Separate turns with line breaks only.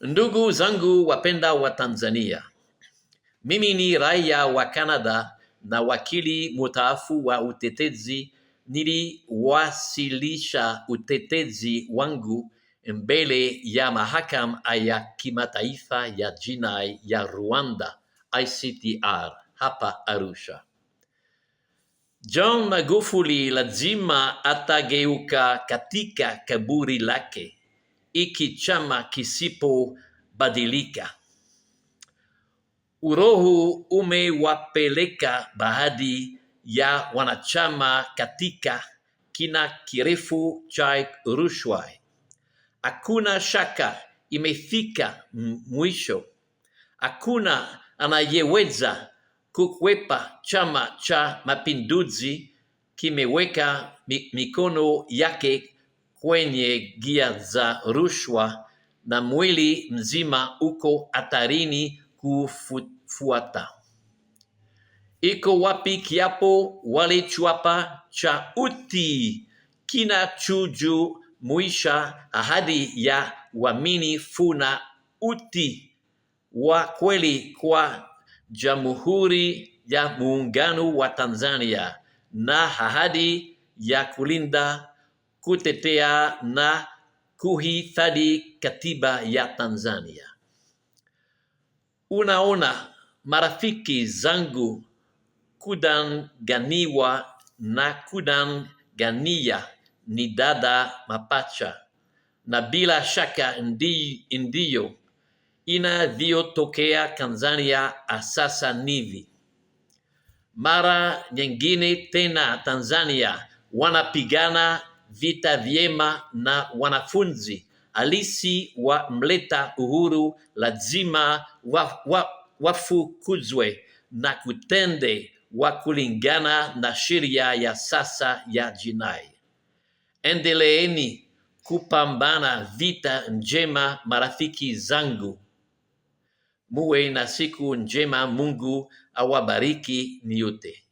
Ndugu zangu wapenda wa Tanzania, mimi ni raia wa Canada na wakili mutaafu wa utetezi. Niliwasilisha utetezi wangu mbele ya mahakama ya kimataifa ya jinai ya Rwanda ICTR hapa Arusha. John Magufuli lazima atageuka katika kaburi lake hiki chama kisipobadilika. urohu umewapeleka baadhi ya wanachama katika kina kirefu cha rushwa. Hakuna shaka, imefika mwisho. Hakuna anayeweza kukwepa. Chama cha Mapinduzi kimeweka mikono yake kwenye gia za rushwa na mwili mzima uko hatarini kufuata. Iko wapi kiapo walichwapa cha kina chuju muisha ahadi ya uaminifu na uti wa kweli kwa Jamhuri ya Muungano wa Tanzania na ahadi ya kulinda kutetea na kuhifadhi katiba ya Tanzania. Unaona marafiki zangu kudanganiwa na kudangania ni dada mapacha, na bila shaka ndi, ndiyo inavyotokea Tanzania asasa nivi Mara nyingine tena Tanzania wanapigana vita vyema na wanafunzi halisi wa mleta uhuru lazima wafukuzwe wa, wa na kutende wa kulingana na sheria ya sasa ya jinai. Endeleeni kupambana vita njema, marafiki zangu. Muwe na siku njema. Mungu awabariki nyote.